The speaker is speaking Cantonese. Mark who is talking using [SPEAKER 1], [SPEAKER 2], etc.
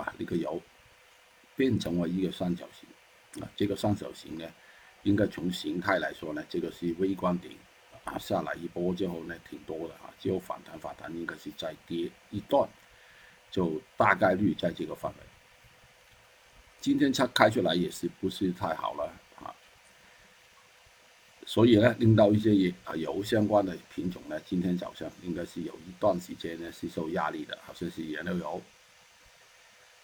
[SPEAKER 1] 啊！那、這個油變成了一個三角形，啊，這個三角形呢，應該從形態來說呢，這個是微觀點，啊，下來一波之後呢，挺多的啊，之後反彈反彈，應該是再跌一段，就大概率在這個範圍。今天它開出來也是不是太好了啊？所以呢，令到一些油相關的品種呢，今天早上應該是有一段時間呢是受壓力的，好像是燃料油。